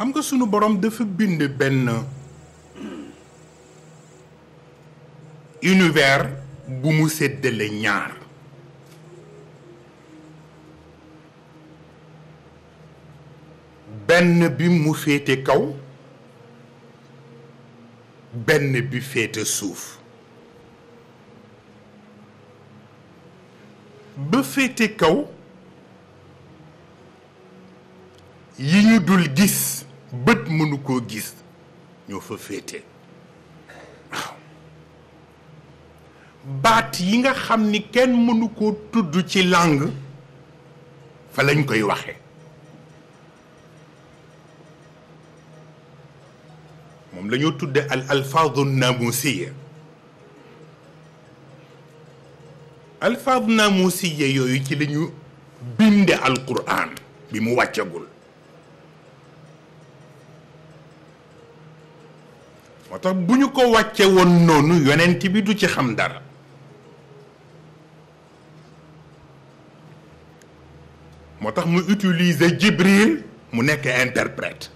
xam nga sunu borom dafa bind benn univers bu mu séddale ñaar benn bi mu féete kaw benn bi féete suuf ba féete kaw yi ñu dul gis bët mënu koo gis ñoo fa féete baat yi nga xam ni kenn mënu koo tudd ci langue fa lañ koy waxe moom la ñoo tudde al alfaadu namusiya alfaadu namusiya yooyu ci lañu ñu binde alquran bi mu wàccagul motax buñu ko wàcce won nonu yonent bi du ci xam dara motax mu utiliser Jibril mu nek interprète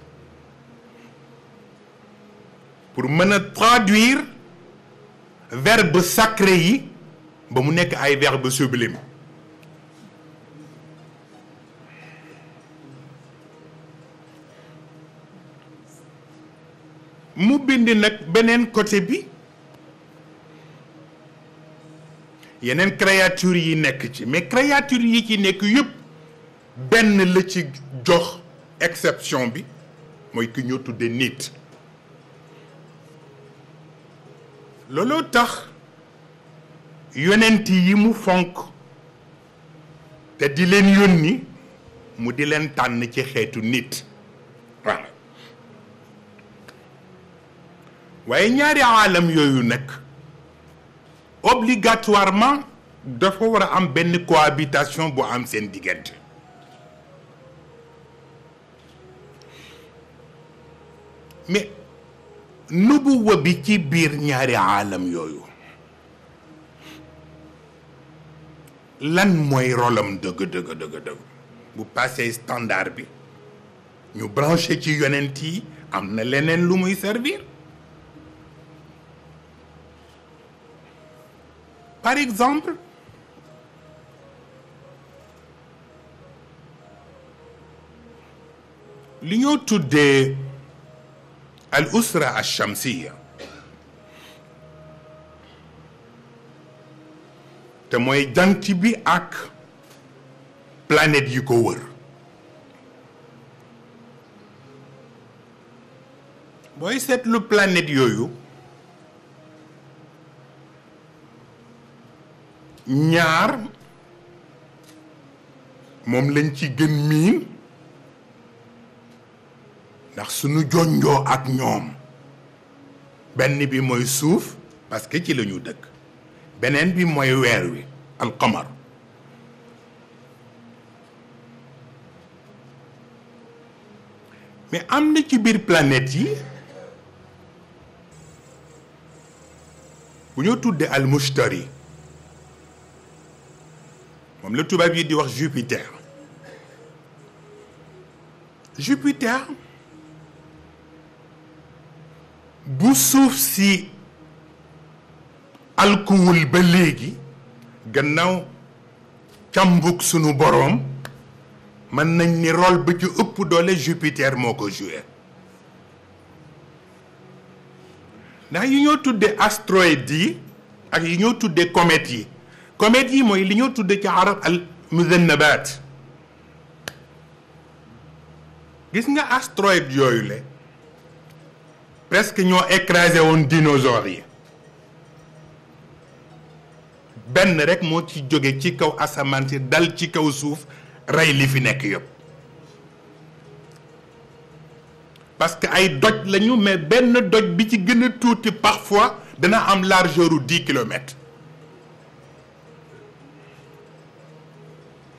pour mën traduire verbe sacré yi ba mu nek ay verbe sublime bind beneen côté bi yeneen créature yi nekk ci mais créature yi ci nekk yépp benn la ci jox exception bi mooy ki ñoo tudde nit looloo tax yonent yi mu fonk te di leen yónni mu di leen tànn ci xeetu nit waaye ñaari alam yooyu nag obligatoirement dafa war a am benn cohabitation bu am seen diggante mais nubuwa bi ci biir ñaari alam yooyu lan mooy rolam dëgg dëgg dëgg dëgg bu passé standard bi ñu branché ci yonent yi am na leneen lu muy servir Par exemple, li ñoo al usra al shamsiya te mooy jant bi ak planète yi ko wër booy seetlu planète yooyu ñaar moom lañ ci gën miin ndax suñu jonjoo ak ñoom benn bi mooy suuf parce que ci lañu dëkk beneen bi mooy weer wi alqamar mais am na ci biir planète yi bu ñoo tuddee almushtari Le tout va bien di wax Jupiter Jupiter bu si alcool ba léegi gannaaw sunu borom, mën nañ ni rôle ba ci ëpp Jupiter moko jouer. joué ndax yi tout des astéroïdes ak yi ñoo comètes comètes yi mooy li ñoo tudd ci arab al muzannabaat gis nga astéroïde yooyu le presque ñoo écrasé woon dinosaures yi benn rek moo ci jóge ci kaw asamaan si dal ci kaw suuf rey li fi nekk yëpp parce que ay doj lañu mais benn doj bi ci gën a tuuti parfois dana am largeur u dix kilomètres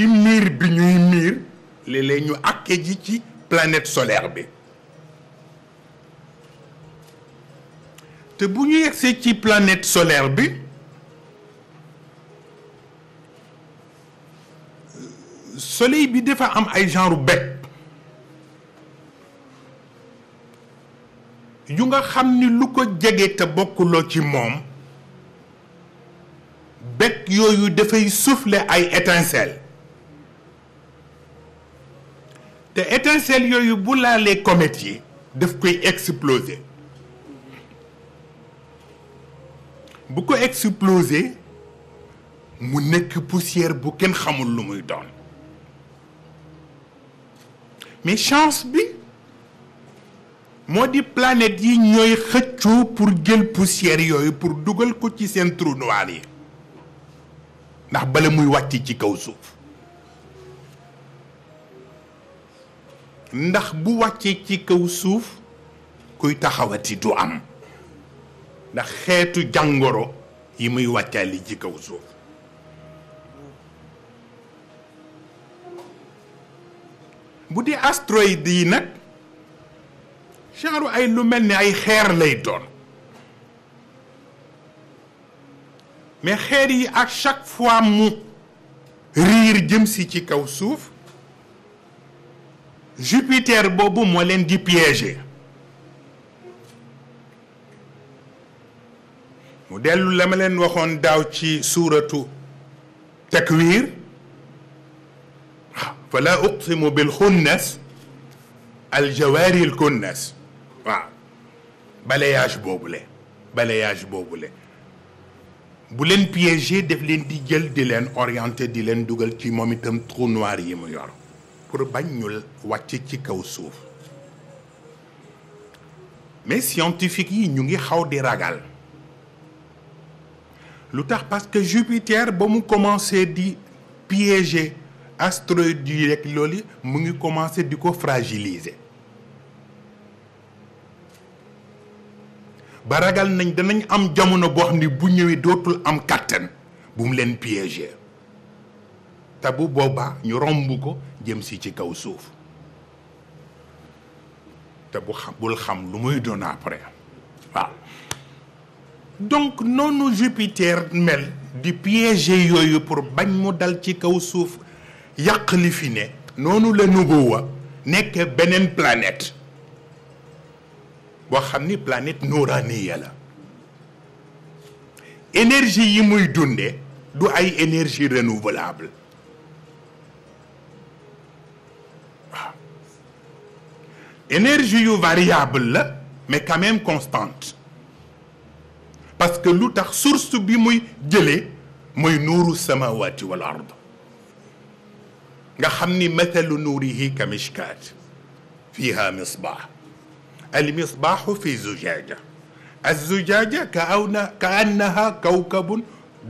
ci miir bi ñuy miir ñu planète solaire bi te bu ñu planète solaire bi soleil bi dafa am ay genre bec yu nga xamni lu ko qui ci bec souffler ay étincelle te étincelle yooyu bu les comètes yi daf koy exploser bu ko exploser mu nekk poussière bu kenn xamul lu muy doon mais chance bi moo di planète yi ñooy xëccoo pour jël poussière yooyu pour dugal ko ci seen trou noir yi ndax bala muy wàcc ci kaw suuf ndax bu wàccee ci kaw suuf kuy taxawati du am ndax xeetu jàngoro yi muy wàccaali ci kaw suuf bu di astéroïdes yi nag genre ay lu mel ni ay xeer lay doon mais xeer yi à chaque fois mu riir jëm si ci kaw suuf Jupiter boobu moo leen di piéger mu dellu la ma leen waxoon ci suuratu takwir fala uqsimu bil xunnas al jawari al kunnas waaw balayage boobule balayage boobule bu leen piéger def leen di jël di leen orienter di leen dugal ci moom itam trou noir yi mu yor pour bañ ñu ci kaw suuf mais scientifique yi ñu ngi xaw di ragal lu parce que Jupiter ba mu commencé di piéger astéroïdes yi rek loolu mu ngi commencé di fragiliser ba ragal nañ danañ am jamono bo xam bu ñëwé dootul am kàttan bu mu leen piéger tabu boba ñu romb ko jëm si ci kaw suuf te bu xam bul xam lu muy doon après waaw donc noonu Jupiter mel di piéger yooyu pour bañ mu dal ci kaw suuf yàq li fi ne noonu la nubuwa nekk beneen planète boo xam ni planète nuraniya la énergie yi muy dunde du ay énergie renouvelable énergie yu variable la mais quand même constante parce que lu tax source bi muy jëlee mooy nuuru samawati wal ard nga xam ni mathalu nuurihi ka mishkaat fiha misbah al misbahu fi zujaja الزجاجة كأونا كأنها كوكب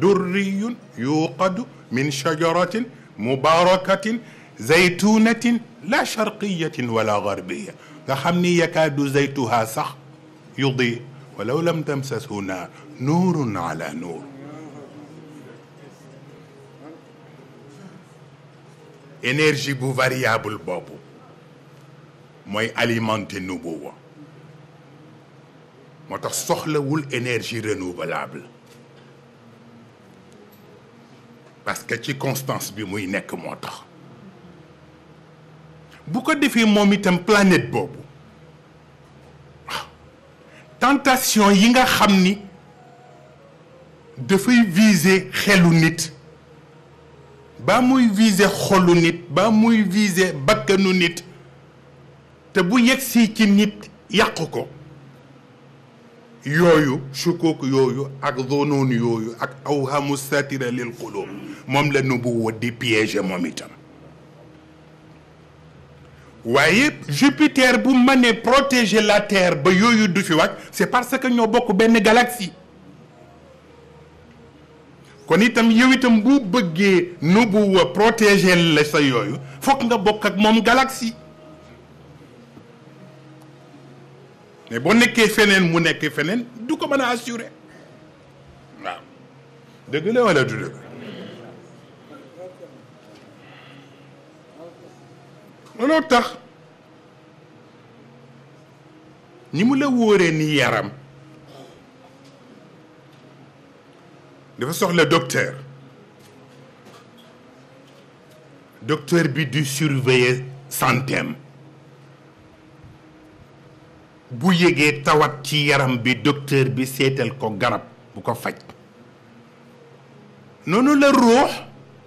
دري يوقد من شجرة مباركة زيتونة لا شرقية ولا غربية فحمني يكاد زيتها سخ يضيء ولو لم تمسس هنا نور على نور انرجي بو فاريابل بابو موي اليمنت نوبو موتا سخلا وول انرجي رينوبلابل باسكو تي كونستانس بي موي نيك موتاخ bu ko defee moom itam planète boobu tentation yi nga xam ni viser xelu nit ba muy viser xolu nit ba muy viser bakkanu nit te bu ci nit yàq ko yooyu yooyu ak ak awhamu satira lil waaye Jupiter bu mané protéger la Terre ba yoyu du fi wàcc c'est parce que ñoo bokk ben galaxie kon itam yow itam bu bëggé nu bu protéger la sa yoyu fokk nga bokk ak mom galaxie mais bo nekkee fenen mu nekk fenen du ko mën assurer waaw deug la wala du nono tax ni la ni yaram dafa soxla docteur docteur bi du surveiller santéem bu yëgee tawat ci yaram bi docteur bi la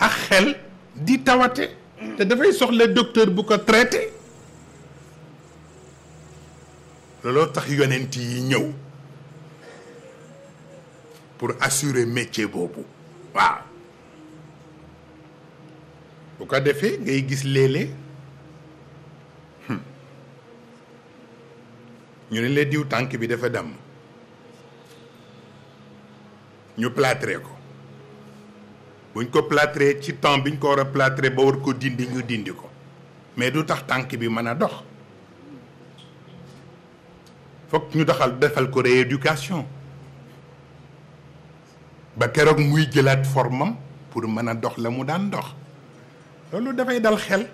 ak xel te dafay soxla docteur bu ko traité looloo tax yonent yi ñëw pour assurer métier boobu waaw bu ko defee ngay gis léeg hmm, ñu ne le diw tànk bi dafa damm ñu plâtré ko buñ ko plâtré ci temps biñ ko war a plâtré ba war ko dindi ñu dindi ko mais du tax tànk bi mën a dox fokk ñu doxal defal ko rééducation ba keroog muy jëlaat formam pour mën a dox la mu daan dox loolu dafay dal xel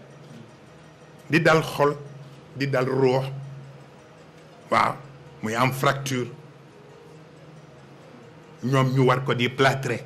di dal xol di dal ruux waaw muy am fracture ñoom ñu war ko di plâtrer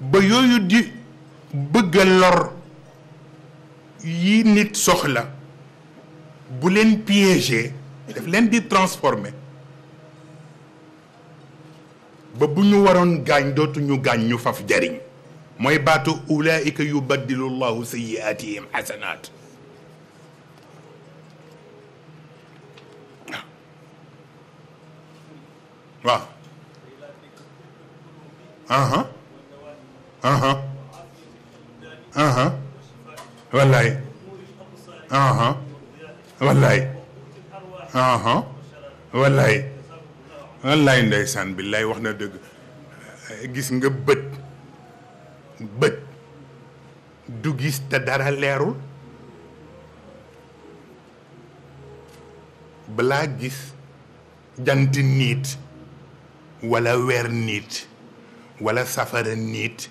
ba yooyu di bëgg lor yi nit soxla bu leen piéger daf ba bu ñu waroon gaañ dootuñu gaañ ñu faf jariñ mooy baatu ulaika yubaddilu llahu sayyiatihim xasanaat waaw wallaay wallaay wallaay wallaay ndeysaan lay wax na dëgg gis nga bët bët du gis te dara leerul balaa gis jant niit walla weer niit walla safara niit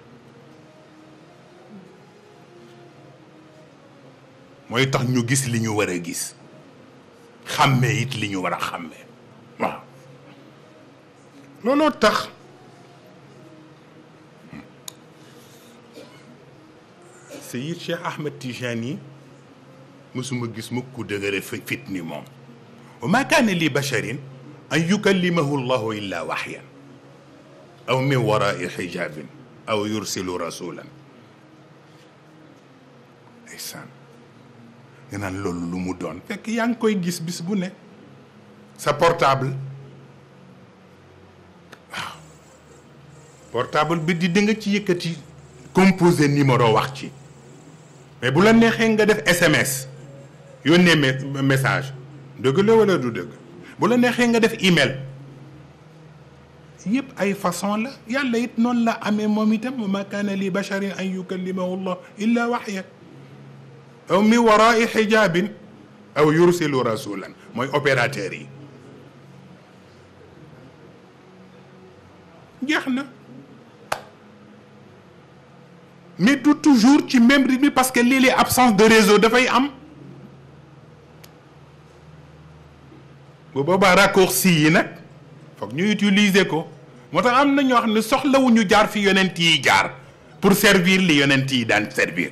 moy tax ñu gis li ñu wara gis xamé it li ñu wara xamé wa lolo tax Seyid Cheikh Ahmed Tijani musuma gis mukk ku dëgëre fitni mom moom wa ma kaana li basharin an yukallimahu llahu illa waxyan aw min warai xijabin aw yursilu rasulan ndeysaan nga naan loolu lu mu doon fekk yaa ngi koy gis bis bu ne sa portable waaw portable bi di da nga ci yëkkati composé numéro wax ci mais bu la neexee nga def SMS yónnee message dëgg la wala du dëgg bu la neexee nga def email yëpp ay façon la yàlla it noonu la amee moom itam ma kaana li basharin an yukallimahu llah illa waxya أو من وراء حجاب أو يرسل رسولا ماي أوبيراتيري جحنا مي دو توجور تي ميم ريتمي باسكو لي لي ابسونس دو ريزو دا فاي ام بو بابا راكورسي يي نك فوك ني يوتيليزي كو موتا ام نيو خن سوخلا وونو جار في يوننتي جار pour servir li yonenti dan servir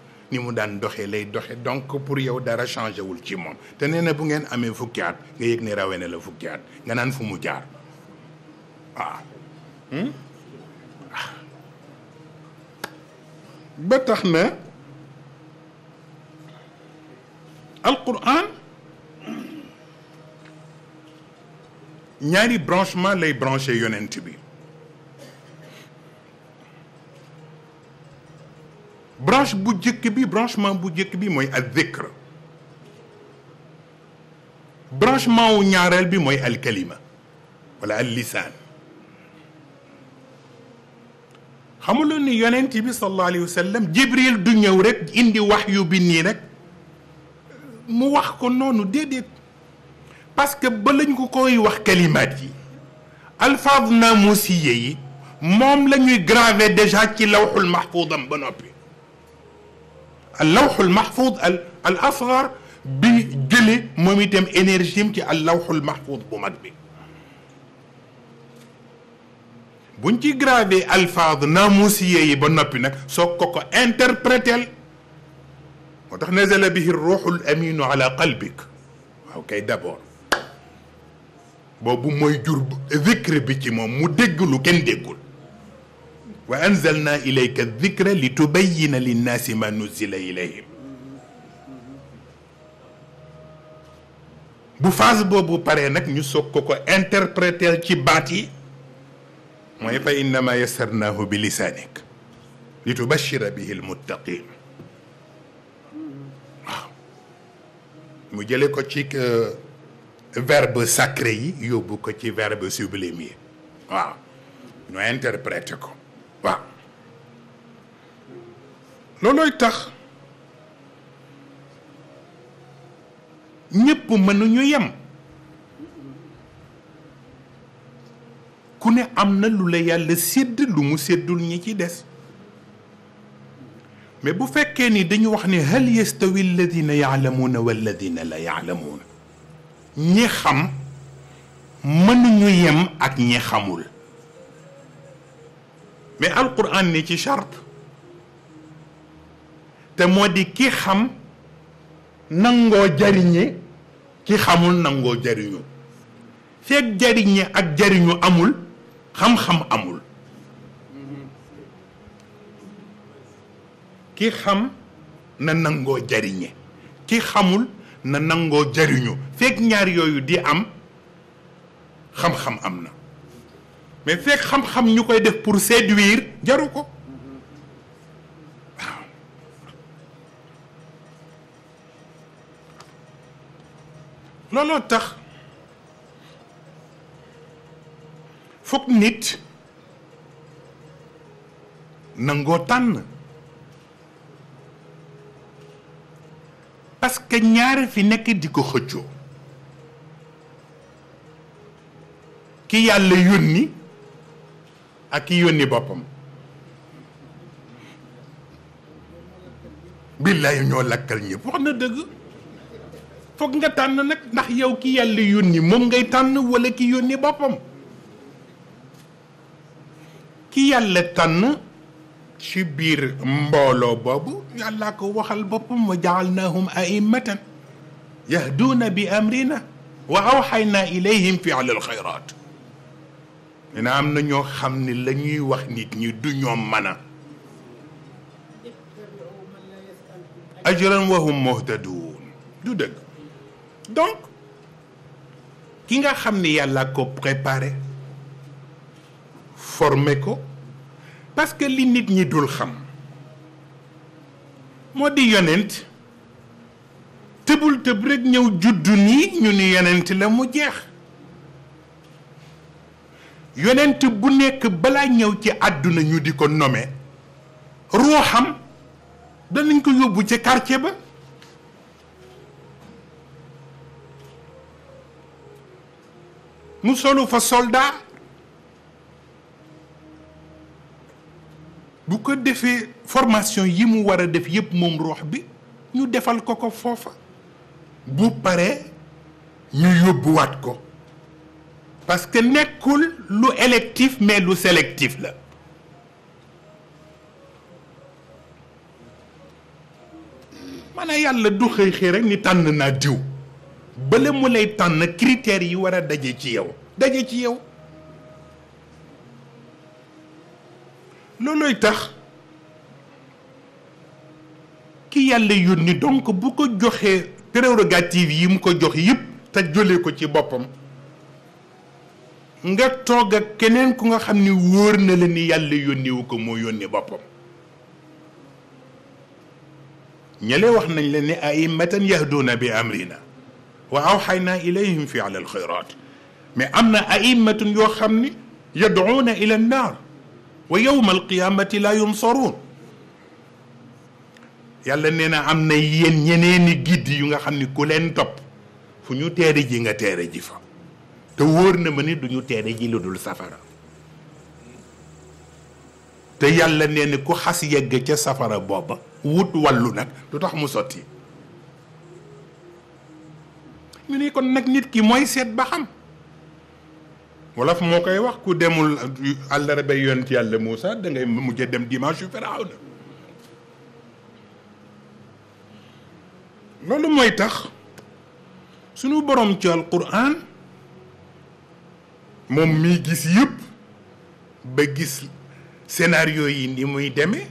ni mu daan doxee lay doxe donc pour yow dara changé wul ci moom te nee na bu ngeen amee fukki at nga yëg ne rawee na la fukki at nga naan fu mu jaar waaw ah. hmm? ah. ba tax na alquran ñaari branchement lay branché yonent bi branche bu njëkk bi branchement bu njëkk bi mooy al dhikr branchement wu ñaareel bi mooy al kalima wala al lisaan xamuloon ni yonent bi sallallahu alayhi wa sallam jibril du ñëw rek indi wax yu bi nii rek mu wax ko noonu déedéet parce que ba lañ ko koy wax kalimaat yi alfaaz naamusiye yi moom la ñuy gravé déjà ci lawxul mahfuudam ba noppi اللوح المحفوظ الاصغر بجلي موميتم انرجيم تي اللوح المحفوظ بو ماك بي بون غرافي الفاظ ناموسيه يي با نوبي نك سو كوكو انتربريتال نزل به الروح الامين على قلبك اوكي دابور بوبو موي جور ذكر بي تي موم مو ديغلو كين ديغول وأنزلنا إليك الذكر لتبين للناس ما نزل إليهم bu phase boobu paree nag ñu soog ko interpréter ci baat yi mooy fa innama yassarnaahu bi lisanik li tubashira bihi almuttaqin waaw mu jële ko ci verbe sacré yi yóbbu ko ci verbe sublime yi waaw ñu interpréter ko waaw loolooy tax ñépp mënuñu yem ku ne am na lu la yàlla sédd lu mu séddul ñi ci des mais bu fekkee ni dañu wax ne hal yastawi alladina yaalamuuna walladina la yaalamuuna ñi xam mënuñu yem ak ñi xamul mais alquran ni ci charte te moo di ki xam nangoo jariñe ki xamul nangoo jariñu fekk jariñe ak jariñu amul xam-xam amul ki xam na nangoo jariñe ki xamul na nangoo jariñu fekk ñaar yooyu di am xam-xam am na mais fekk xam-xam ñu koy def pour séduire jaru ko waaw tax foog nit nangoo tànn parce que ñaare fi nekk di ko xëccoo ki yàlla yónni ak ki yónni boppam billaay ñoo lakkal ñëpp wax na dëgg foog nga tànn nag ndax yow ki yàlla yónni moom ngay tànn wala ki yónni boppam ki yàlla tànn ci biir mbooloo boobu yàllaa ko waxal boppam wa jaalnaahum a'immatan yahduuna bi amrina wa awxaynaa ilayhim fi'lal xayraat nee na am na ñoo xam ne lañuy wax nit ñi du ñoom mën a ajran wa hum du dëkk donc ki nga xam ni yàlla ko préparé formé ko parce que li nit ñi dul xam moo di yonent tëbul tëb rek ñëw juddu nii ñu ni yonent la mu jeex yonent bu nekk balaa ñëw ci àdduna ñu di ko nommer ruuxam danañ ko yóbbu ca karce ba mu solu fa soldat bu ko defee formation yi mu war a def yépp moom roox bi ñu defal ko ko foofa bu paree ñu yóbbuwaat ko parce que nekkul lu électif mais lu sélectif la maanaam yàlla du xëy xëy rek ni tànn naa diw bala mu lay tànn critères yi war a daje ci yow daje ci yow loolooy tax ki yàlla yónni donc bu ko joxee prérogative yi mu ko jox yëpp te jëlee ko ci boppam nga toog ak keneen ku nga xam ni wóor na la ni yàlla yónniwu ko moo yónni boppam ñale wax nañ la ne matan yahduna bi amrina wa awxayna ilayhim fi ala alxayrat mais am na aimatun yoo xam ni yadcuuna ila annaar wa yowma alqiyamati la yunsaruun yàlla nee na am na yéen ñeneeni giddi yu nga xam ni ku leen topp fu ñu teere ji nga teere ji fa te wóor na ma ni duñu teere ji lu dul safara te yàlla nee ni ku xas yegg ca safara booba wut wàllu nag du tax mu sotti ñu ne kon nag nit ki mooy seet ba xam wolof moo koy wax ku demul àllarba yonent yàlla Moussa da ngay mujj dem dimanche yu Firaaw na loolu mooy tax sunu borom ci alquran moom mii gis yëpp ba gis scénario yi ni muy demee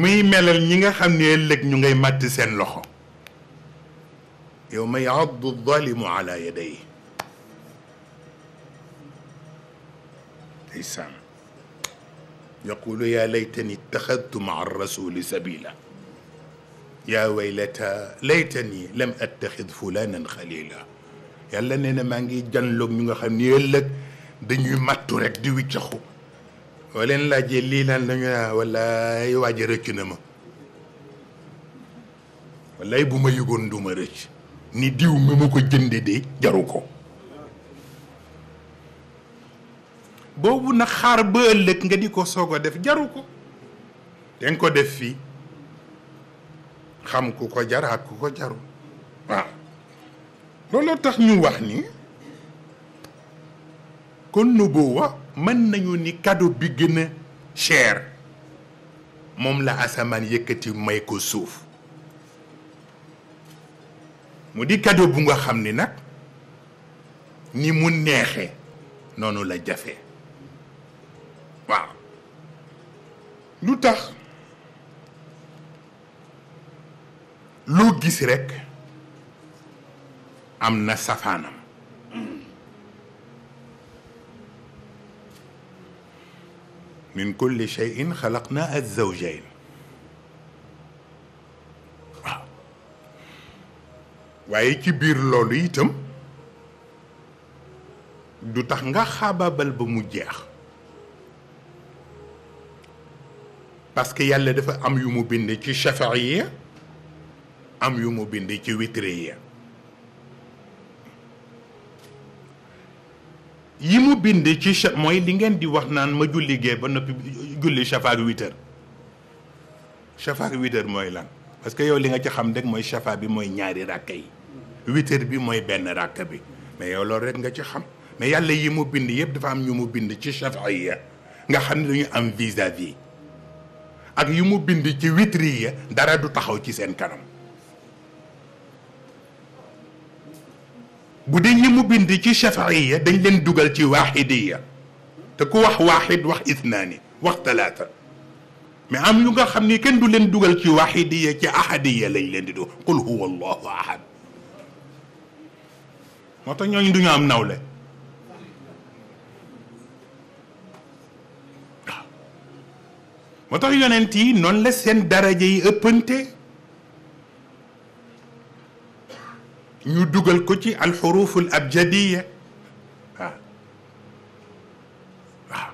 muy melal ñi nga xam ne ëllëg ñu ngay màtt seen loxo yow ma yaaddu zalimu ala yaday ndeysaan yaqulu yaa laytani ittaxadtu maa rasuli sabila yaa waylata laytani lam attaxid fulanan xalila yàlla nee na maa ngi janloog ñu nga xam ni ëllëg dañuy mattu rek di wiccaxu woo leen laajee lii lan la ñu naa wallaay waaja rëcc na ma wallaay bu ma yëgoon du ma rëcc ni diw mi ma ko jënde de jaru ko boobu na xaar ba ëllëg nga di ko soog a def jaru ko te nga ko def fii xam ku ko jar ak ku ko jaru waaw looloo tax ñu wax ni kon nubuwa mën nañu ni cadeau bi gën a cher moom la asamaan yëkkati may ko suuf mu di cadeau bu nga xam ni nag ni mu neexe noonu la jafe waaw lu tax lu gis rekk am na safaanam min kulli shay'in xalaqnaa az-zawjayn waaw waaye ci biir loolu itam du tax nga xaabaabal ba mu jeex parce que yàlla dafa am yu mu bind ci shafaiya am yu mu bind ci witriya yi mu bind ci cha mooy li ngeen di wax naan ma julli gee ba noppi julli shafaar huit heures shafaar mooy la parce que yow li nga ci xam rek mooy shafaar bi mooy ñaari ràkk yi huit bi mooy benn ràkk bi mais yow loolu rek nga ci xam mais yàlla yi mu bind yëpp dafa am ñu mu bind ci shafaar yi nga xam ne dañu am vis ak yu mu bind ci witri yi dara du taxaw ci seen kanam بودي نيمو بندي كي شفعية دن لن دوغل تي واحدية تكو واح واحد واح اثنان واح ثلاثة مي عم يوغا خمني كن دو لن دوغل تي واحدية كي أحدية لن لن دو قل هو الله أحد ما تنيو ني دنيا ام ناولي ما تنيو ننتي نون لسين درجة يأبنتي ñu dugal ko ci alxuruful abjadiya waaw waaw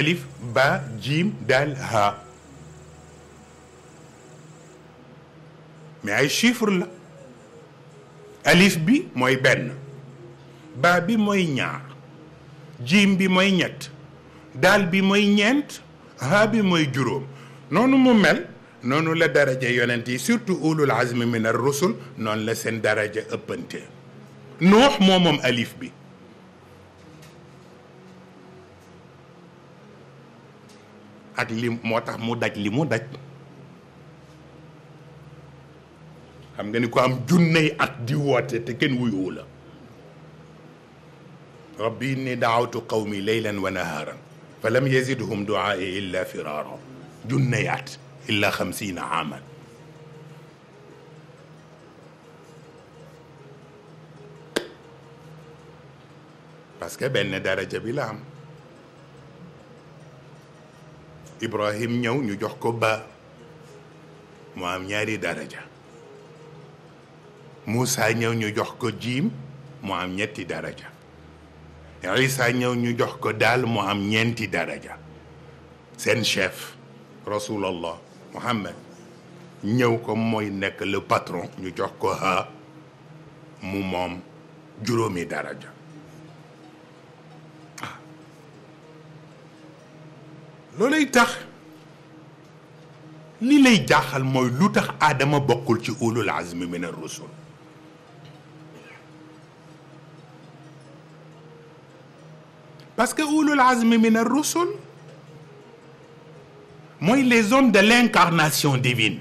alif ba jiim daal haa mais ay chiffre la alif bi mooy benn baa bi mooy ñaar jiim bi mooy ñett daal bi mooy ñeent haa bi mooy juróom noonu mu mel nonu la daraja yonenti surtout ulul azmi min ar rusul non la sen daraja ëppante nuh momom alif bi ak lim motax mu daj limu daj xam nga ni ko am junney ak di wote te ken wuyuwu la rabbi inni daawtu qawmi laylan wa naharan falam yazidhum du'a'i illa firara junney at illa xamsiina aaman parce que benn daraja bi la am Ibrahim ñëw ñu jox ko ba mu am ñaari daraja Moussa ñëw ñu jox ko jiim mu am ñetti daraja Isa ñëw ñu jox ko daal mu am ñeenti daraja seen chef rasulallah Mohamed ñëw ko mooy nekk le patron ñu jox ko ha mu moom juróomi daraja loolay tax li lay jaaxal mooy lu tax aadama bokkul ci ulul azmi min ar-rusul parce que ulul azmi min ar-rusul Moi, les hommes de l'incarnation divine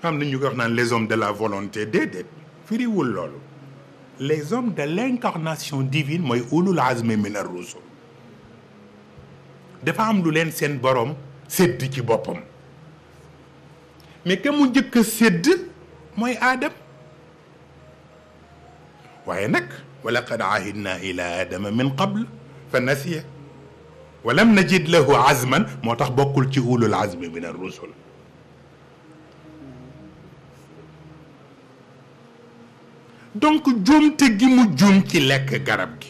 xam na ñu les hommes de la volonté déedéet firiwul loolu les hommes de l'incarnation divine mooy ulul azmi mina rusul dafa am lu leen seen borom sédd ci boppam mais que mu njëkk a sédd mooy aadam waaye nag wa laqad ahidna ila aadama min qabl fa nasiya ولم نجد له عزما موتاخ بوكول تي اولو العزم من الرسل دونك جوم تي مو جوم تي لك غرب جي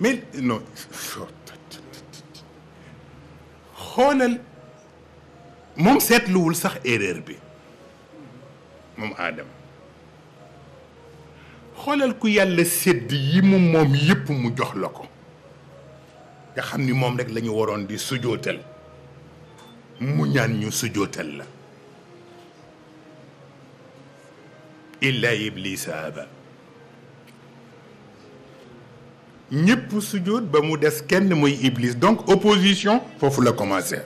مي نو خونال موم سيت لول صح ايرور بي موم ادم خولال كو يالا سيد يي موم ييب مو جوخ لاكو nga xam ni moom rek la ñu waroon di sujootal mu ñaan ñu sujootal la illa iblisa aba ñëpp ba mu des kenn muy iblis donc opposition foofu la commencé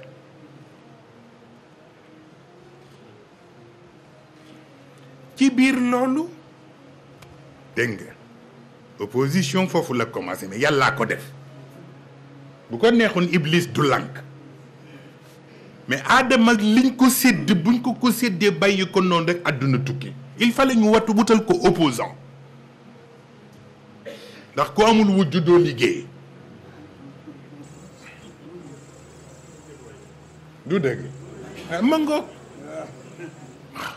ci biir loolu dégg opposition foofu la commencé mais yàllaa ko def bu ko neexoon iblis du lànk mais aadama liñ ko sedd buñ ko ko séddee bàyyi ko noonu rek àdduna tukki il fallait ñu wattu wutal ko opposant ndax ku amul wujju doo liggéey du dëgg ah, ma ah.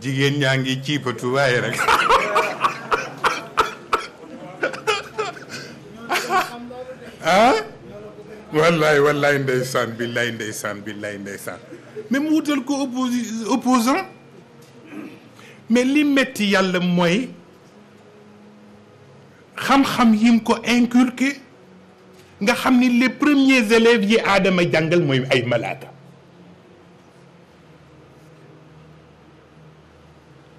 jigéen ñaa ngi ciipatu waaye rek wallahi wallahi ndaysan billahi ndaysan billahi ndaysan mais mu wutal ko opposi opposant mais li metti yalla moy xam-xam yim ko inculquer nga xamni les premiers élèves yi adama jangal moy ay malaaka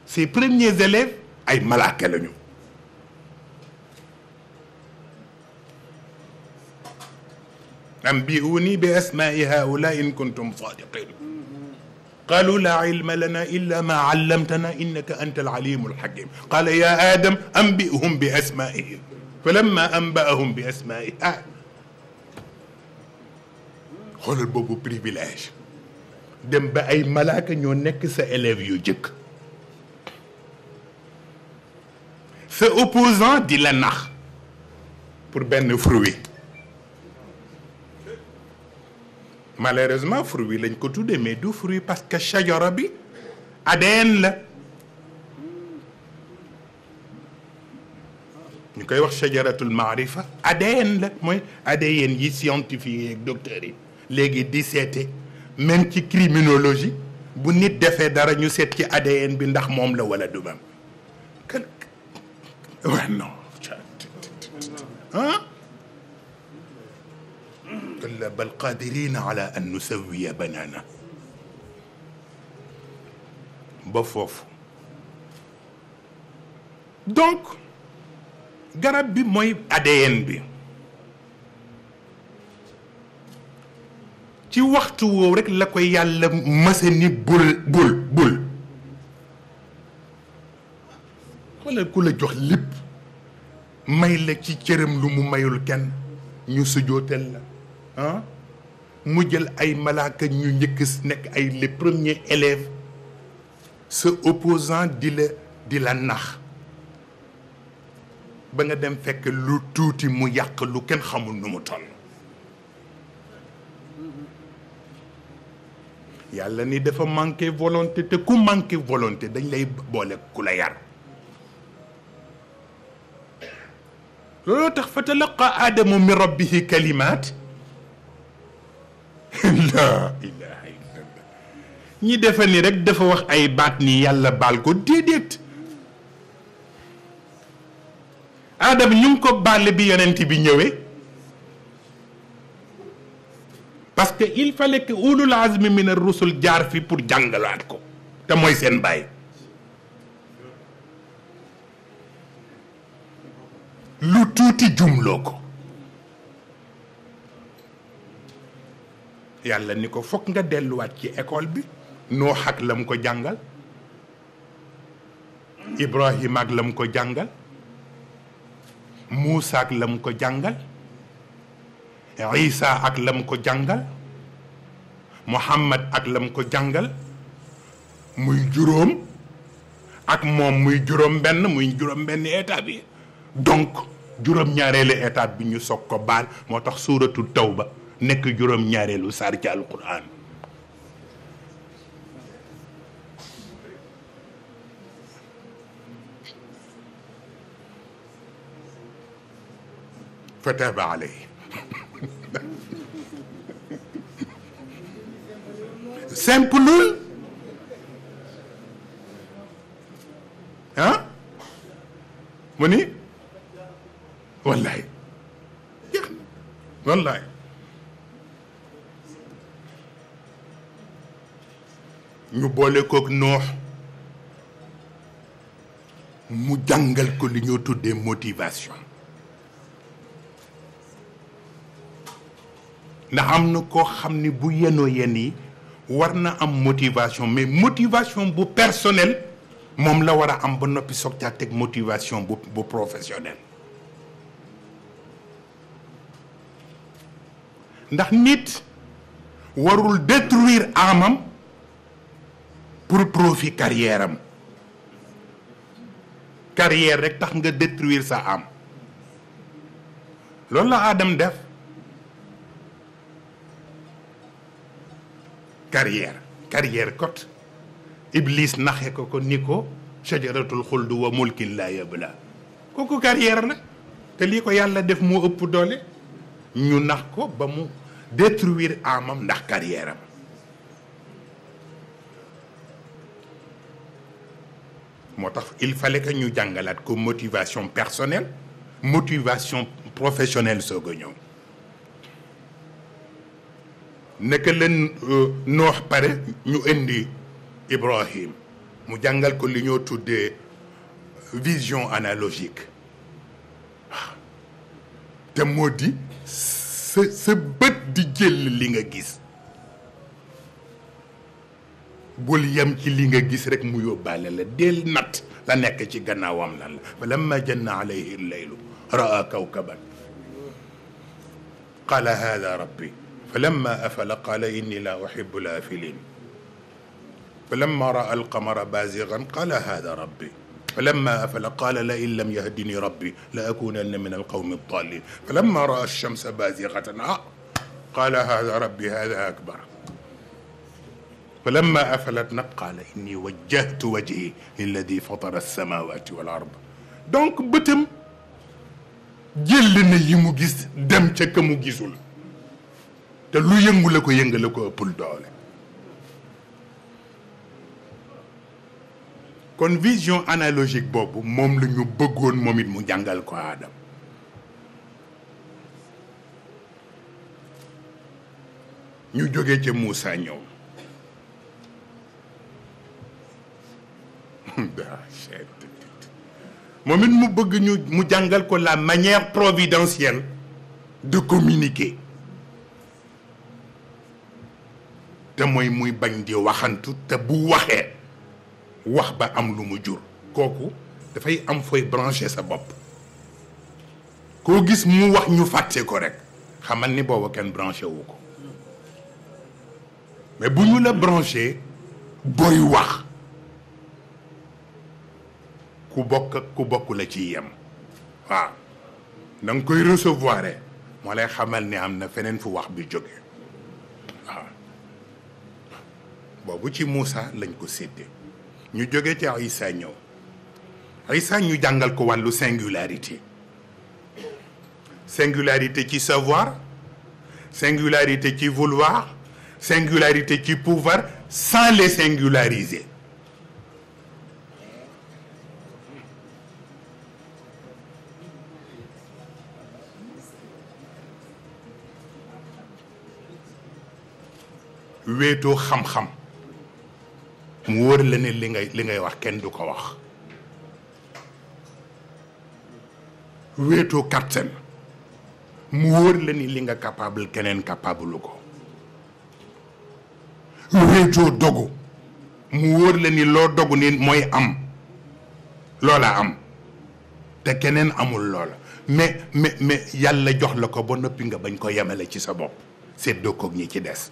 ses premiers élèves ay malaaka lañu أنبئوني بأسماء هؤلاء إن كنتم صادقين قالوا لا علم لنا إلا ما علمتنا إنك أنت العليم الحكيم قال يا آدم أنبئهم بأسمائهم فلما أنبأهم بأسمائهم xoolal آه. boobu privilège دم بأي ملاك يونك سألف nekk سأبوزان دي لنخ pour ben fruit malheureusement fruit lañ ko mais du fruit parce que shajara bi ADN la ñu koy wax shajaratul sont ADN la ADN yi scientifique docteurs yi même ci criminologie bu nit dara ñu ADN bi ndax non كلا بل قادرين على أن نسوي بنانا بفوف دونك غرب بي موي ادين بي تي وقت وو رك لاكو يالا مسني بول بول بول ولا كولا جوخ ليب مايل لا تي تيرم لومو مايول كين ني سجوتل لا ah mu jël ay malaaka ñu njëkk nekk ay les premiers élèves sa opposant di la di la nax ba nga dem fekk lu tuuti mu yàq lu kenn xamul nu mu ton yàlla ni dafa manqué volonté te ku manqué volonté dañ lay boole ku la yar looloo tax fa talaqa aadamu min rabbihi kalimaat laa ilaha illallah ñi defe ni rek dafa wax ay baat ni yàlla baal ko déedéet aadama ñu ngi ko baal bi yonent bi ñëwee parce que il fallait que ulul azmi min ar rusul jaar fi pour jàngalaat ko te mooy seen bàyyi lu tuuti jumloo ko yàlla ni ko foog nga delluwaat ci école bi noox ak la mu ko jàngal ibrahim ak la mu ko jàngal muusa ak la mu ko jàngal isa ak la mu ko jàngal muhammad ak la mu ko jàngal muy juróom ak moom muy juróom benn muy juróom benn état bi donc juróom ñaareelu état bi ñu soog ko baal moo tax suuratul tawba nekk juróom ñaareelu saar ci alquran فتاب عليه simple ها مني والله والله ñu boole kook noox mu jàngal ko li ñoo tuddee motivation ndax na koo bu am motivation mais motivation bu personnel momla la wara am ba nopi motivation bu bu professionnel ndax nit warul détruire amam pour profit carrière am carrière rek tax nga détruire sa âme lool la Adam def carrière carrière kot Iblis naxe ko ko niko shajaratul khuld wa mulkin la yabla koku carrière la te li ko yàlla def mo upp doole ñu nax ko ba mu détruire amam ndax carrière am il fallait que nous jàngalaat ko motivation personnelle motivation professionnelle soog a ñëw leen noox pare ñu indi Ibrahim mu jàngal ko li ñoo vision analogique ah. té moo di ce sa bët di jël li nga gis bul yam ci li nga gis rek mu yobale la del nat la nek ci gannaawam lan la fa lamma janna alayhi al-layl ra'a فلما أفل قال إني لا أحب الآفلين فلما رأى القمر بازغا قال هذا ربي فلما أفل قال لئن لم يهدني ربي لأكونن من القوم الضالين فلما رأى الشمس بازغة قال هذا ربي هذا أكبر فلما أفلت نبقى إني وجهت وجهي للذي فطر السماوات والأرض دونك بتم جل نيمو جيس دم تشك مو جيسول تلو ينغو لكو ينغ لكو أبول دولي كون فيزيون أنالوجيك بوب موم لنيو بغون موميد مو جانغال كو آدم ñu joge ci Moussa ñew Bah, moom it mu bëgg ñu mu jàngal ko la manière providentielle de communiquer te mooy muy bañ di waxantu te bu waxee wax ba am lu mu jur kooku dafay am fooy branché sa bopp koo gis mu wax ñu fàtte ko rek xamal ni booba kenn branché wu ko mais bu ñu la branché booy wax ku ci na koy recevoir mo lay xamal ni amna fenen fu wax bi ci Moussa lañ ko ñu ci singularité singularité ci savoir singularité qui vouloir singularité qui pouvoir sans les singulariser wéetoo xam-xam mu wër la ne li ngay li ngay wax kenn du ko wax wéetoo kartel mu wóor la ni li nga capable keneen capable ko wéetoo dogu mu wóor la ni loo dogu ni mooy am loola am te keneen amul loola mais mais mais yàlla jox la ko ba noppi nga bañ ko yemale ci sa bopp seddoo koog ñi ci des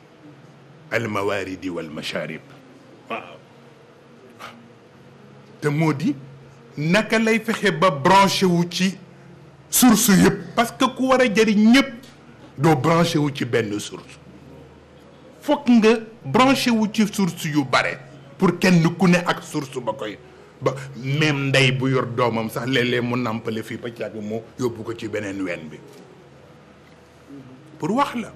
الموارد والمشارب تمودي نك لاي فخي با برانشي وو تي يب ييب باسكو كو ورا جاري نييب دو برانشي وو تي بن سورس فوك نغا برانشي وو تي سورس يو باري pour kenn ku ne ak source ba koy ba même nday bu yor domam sax lele mu nampale fi ba ci ak mo yobbu ko ci benen wène bi pour wax la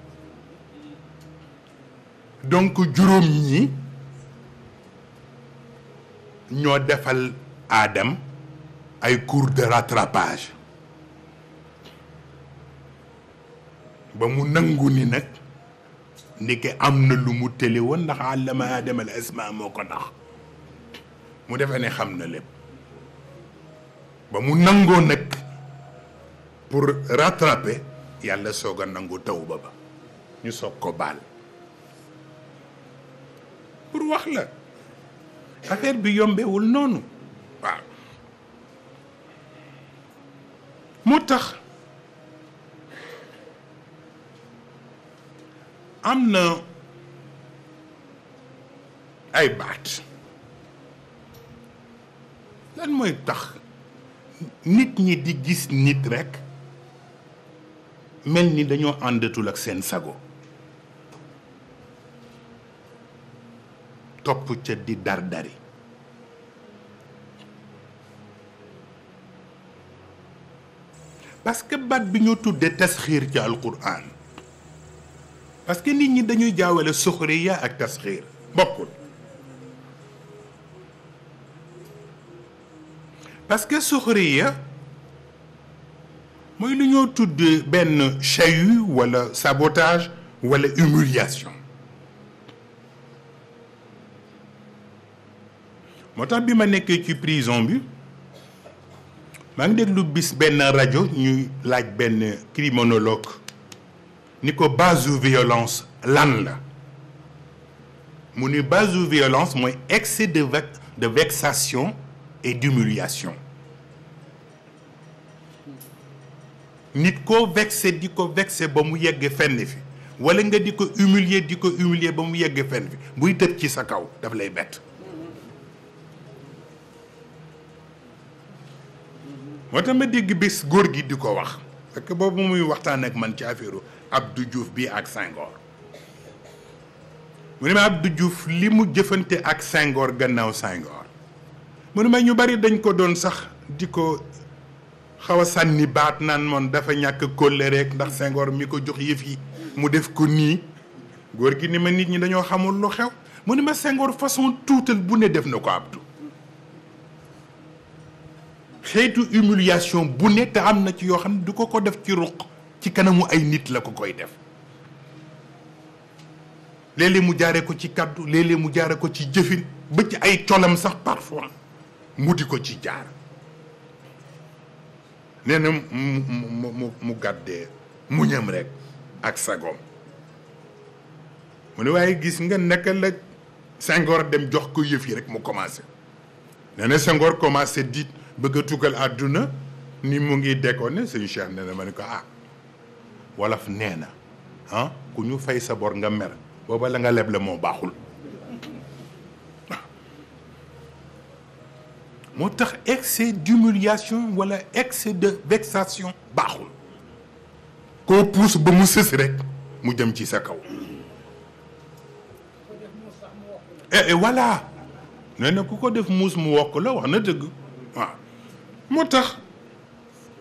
donc juróom ñi ñoo defal Adam ay cours de rattrapage ba mu nangu ni nak ni am amna lu mu tële woon ndax àllama al asma moko tax mu defee ne xamna na ba mu nango nak pour rattraper yalla soga nangu ba ñu soog bal pour wax la affaire bi yombewul noonu waaw moo amna ay baat lan moy tax nit ñi di gis nit rek melni ni dañoo àndatul ak seen sago top ca di dardari parce que bat bi ñu tuddee tasxiir ci alquran parce que nit ñi dañuy jaawale suxriya ak tasxiir bokul parce que suxriya moy lu ñoo tuddee ben chahut wala sabotage wala humiliation moo tax bi ma nekkee ci prison bi maa ngi déglu bis benn rajo ñuy laaj benn criminologue ni ko base violence lan la mu ni base violence mooy excès de de vexation et d'humiliation nit koo vexé di ko vexé ba mu yegg fenn fi wala nga di humilier di ko humilier ba mu yegg fenn fi buy tëb ci sa kaw daf lay bett moo tax ma dégg bis góor gi di ko wax fekk boobu muy waxtaan ak man ci affaire Abdou Diouf bi ak Senghor mu ne ma Abdou Diouf li mu jëfante ak sengoor gannaaw Senghor mu ne ma ñu bari dañ ko doon sax di ko xaw a sànni baat naan moon dafa ñàkk kóllëre ndax sengoor mi ko jox yëf yi mu def ko nii góor gi ni ma nit ñi dañoo xamul lu xew mu ne ma Senghor façon tuutal bu ne def na ko Abdou xeetu humiliation bu ne te am na ci yoo xam ne du ko ko def ci ruq ci kanamu ay nit la ko koy def léeg mu jaaree ko ci kaddu léeg mu jaare ko ci jëfin ba ci ay colam sax parfois mu di ko ci jaar nee na mu mu mu mu gàddee muñam rek ak sagoom mu ne waaye gis nga naka la Senghor dem jox ko yëf yi rek mu commencé nee na Senghor commencé dit bëgg a tukkal àdduna ni mu ngi déconné Cheikh nee ah na ah, ku ñu fay sa bor nga mer la nga excès d'humiliation wala excès de vexation baaxul koo pousse ba rek mu jëm ci sa kaw et eh, eh, voilà nee na motax tax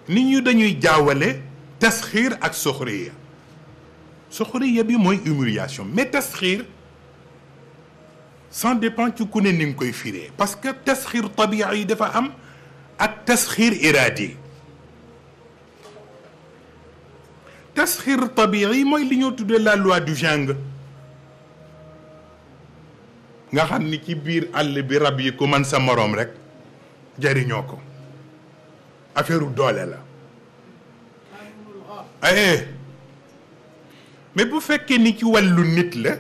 nit ñu dañuy jaawale tasxir ak soxriya soxriya bi moy humiliation mais tasxir sans dépend ci ku ne ni nga koy firé parce que tasxir tabi'i dafa am ak tasxir iradi tasxir tabi'i moy li ñu tuddé la loi du jang nga xamni ci biir àll bi rab yi ku man sa morom rek jariñoo ko affaire doole la eh. mais bu que ni ci wàllu nit la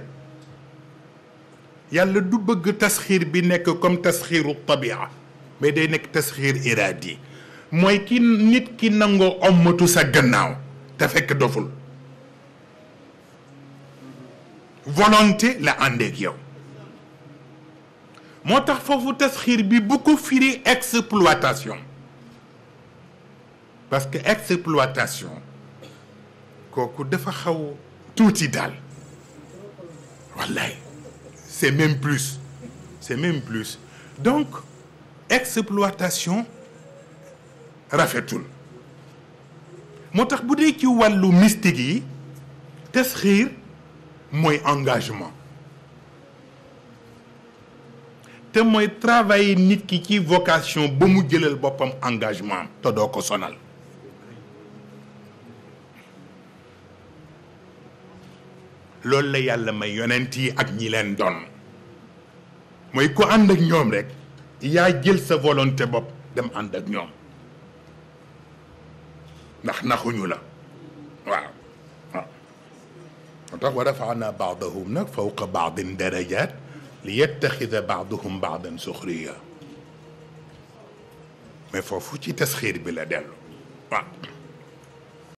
yàlla du bëgg tasxiir bi nekk comme tasxiiru tabia mais des nek tasxiir Iradi. Moi ki nit ki nangoo ommatu sa gannaaw te fekk doful volonté la àndeek Moi moo tax foofu bi beaucoup ko firi exploitation parce que exploitation coco dafa xaw tuuti daal wallaay c'est même plus c'est même plus donc exploitation rafetul motax tax ci walu mystique yi tasxiir moy engagement te moy travailler nit ki ci vocation ba mu jëlal bopam engagement to doo ko sonal lol la yàlla may yonenti ak ñi len don moy ku ànd ak ñom rek ya jël sa volonté bop dem ànd ak ñom ndax naxuñu la waaw waaw tax wa rafa'na ba'dahum nak fawqa baadin darajat li yettaxida baaduhum baadan suxriya mais fofu ci tasxir bi la delu waaw